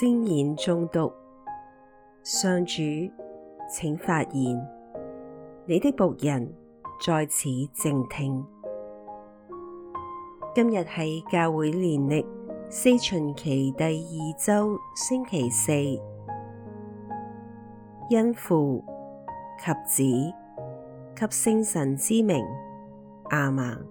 經言誦讀，上主，請發言，你的僕人在此靜聽。今日係教會年曆四旬期第二周星期四，因父及子及聖神之名，阿們，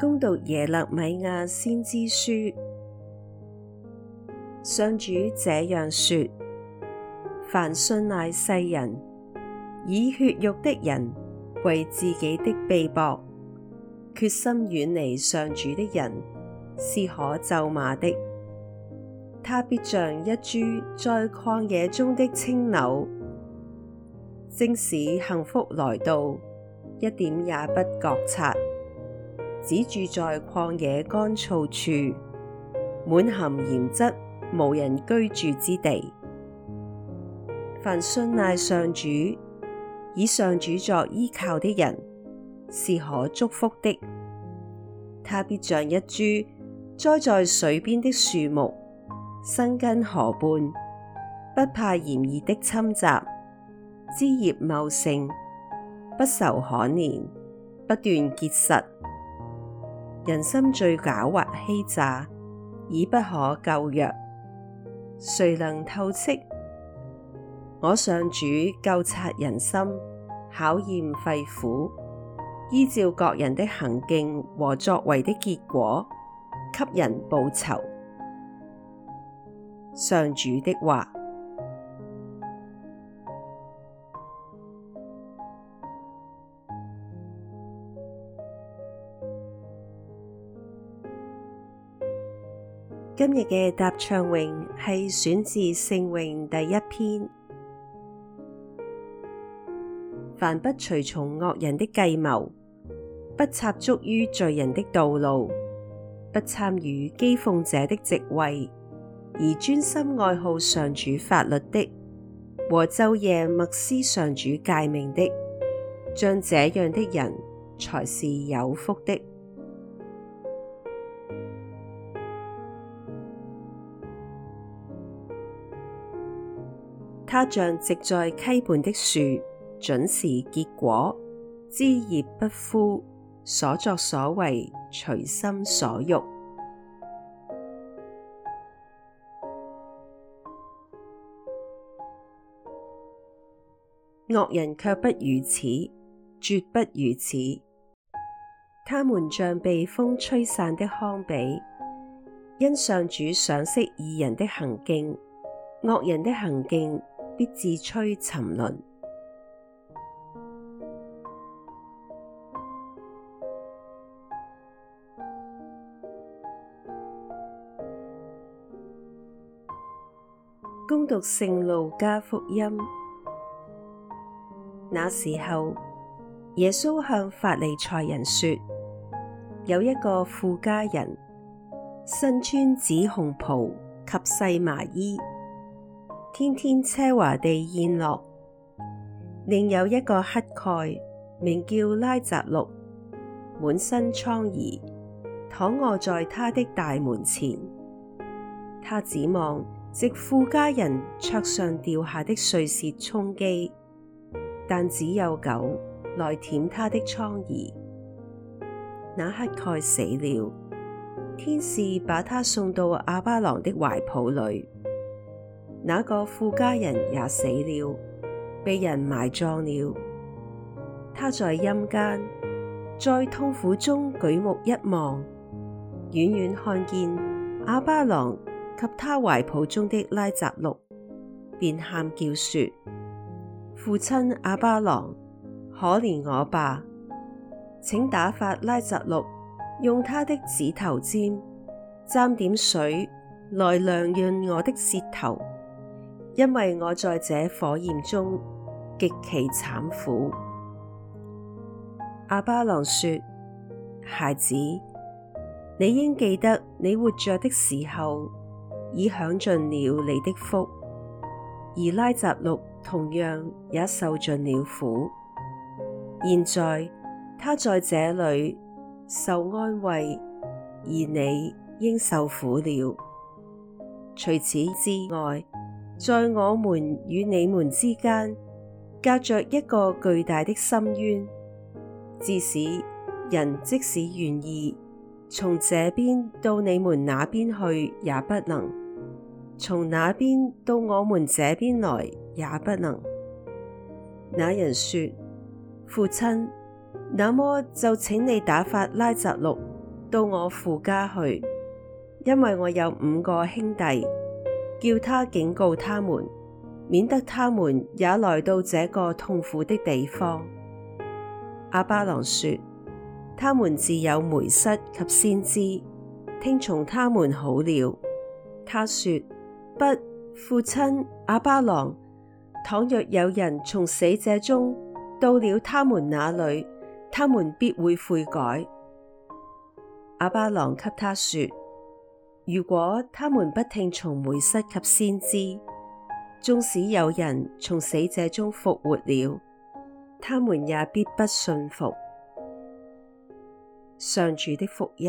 恭讀耶肋米亞先知書。上主這樣說：凡信賴世人、以血肉的人為自己的臂膊、決心遠離上主的人，是可咒罵的。他必像一株在曠野中的檉柳，即使幸福來到，一點也不覺察，只住在曠野乾燥處，滿含鹽質。無人居住之地。凡信賴上主，以上主作依靠的人，是可祝福的。他必像一株栽在水邊的樹木，生根河畔，不怕炎熱的侵襲，枝葉茂盛，不愁旱年，不斷結實。人心最狡猾欺詐，已不可救藥。誰能透識？我上主究察人心，考驗肺腑，依照各人的行徑和作為的結果，給人報酬。上主的話。今日嘅答唱詠，係選自聖詠第一篇，凡不隨從惡人的計謀，不插足於罪人的道路，不參與譏諷者的席位，而專心愛好上主法律的，和晝夜默思上主誡命的，像這樣的人才是有福的。他像植在溪畔的樹，準時結果，枝葉不枯，所作所為，隨心所欲。惡人卻不如此，絕不如此。他們像被風吹散的糠粃。因上主賞識義人的行徑，惡人的行徑必自趨沉淪。恭讀聖路加福音，那時候耶穌向法利塞人說：有一個富家人，身穿紫紅袍及細麻衣，天天奢華地宴樂，另有一個乞丐，名叫拉匝祿，滿身瘡痍，躺臥在他的大門前。他指望藉富家人桌上掉下的碎屑充飢，但只有狗來舔他的瘡痍。那乞丐死了，天使把他送到亞巴郎的懷抱裡。那個富家人也死了，被人埋葬了。他在陰間，在痛苦中舉目一望，遠遠看見亞巴郎及他懷抱中的拉匝祿，便喊叫說：父親亞巴郎，可憐我吧，請打發拉匝祿用他的指頭尖沾點水來涼潤我的舌頭。因為我在這火焰中極其慘苦。亞巴郎說：孩子，你應記得你活着的時候，已享盡了你的福，而拉匝祿同樣也受盡了苦。現在，他在這裏受安慰，而你應受苦了。除此之外。在我們與你們之間隔着一個巨大的深淵，致使人即使願意從這邊到你們那邊去，也不能；從那邊到我們這邊來也不能。那人說：父親，那麼就請你打發拉匝祿到我父家去，因為我有五個兄弟。叫他警告他們，免得他們也來到這個痛苦的地方。亞巴郎說：他們自有梅瑟及先知，聽從他們好了。他說：不，父親亞巴郎，倘若有人從死者中到了他們那裏，他們必會悔改。亞巴郎給他說。如果他們不聽從梅瑟及先知，縱使有人從死者中復活了，他們也必不信服。上主的福音。